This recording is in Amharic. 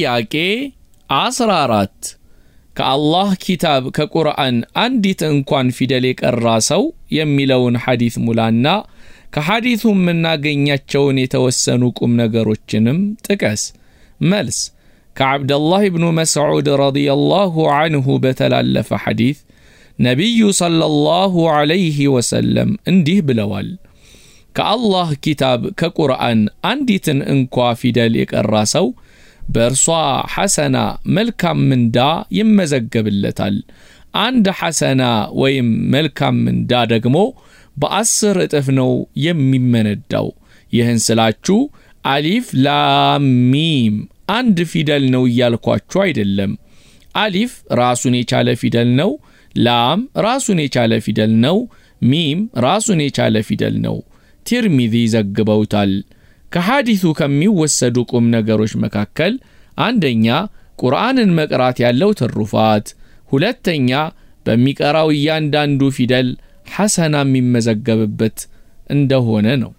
ጥያቄ 14 ከአላህ ኪታብ ከቁርአን አንዲት እንኳን ፊደል የቀራ ሰው የሚለውን ሐዲት ሙላና ከሐዲቱ የምናገኛቸውን የተወሰኑ ቁም ነገሮችንም ጥቀስ። መልስ ከዓብደላህ ብኑ መስዑድ ረዲየላሁ አንሁ በተላለፈ ሐዲት ነቢዩ ሰለላሁ ዐለይህ ወሰለም እንዲህ ብለዋል። ከአላህ ኪታብ ከቁርአን አንዲትን እንኳ ፊደል የቀራ ሰው በእርሷ ሐሰና መልካም ምንዳ ይመዘገብለታል። አንድ ሐሰና ወይም መልካም ምንዳ ደግሞ በአስር እጥፍ ነው የሚመነዳው። ይህን ስላችሁ አሊፍ ላሚም አንድ ፊደል ነው እያልኳችሁ አይደለም። አሊፍ ራሱን የቻለ ፊደል ነው። ላም ራሱን የቻለ ፊደል ነው። ሚም ራሱን የቻለ ፊደል ነው። ቲርሚዚ ዘግበውታል። ከሐዲሱ ከሚወሰዱ ቁም ነገሮች መካከል አንደኛ ቁርአንን መቅራት ያለው ትሩፋት፣ ሁለተኛ በሚቀራው እያንዳንዱ ፊደል ሐሰና የሚመዘገብበት እንደሆነ ነው።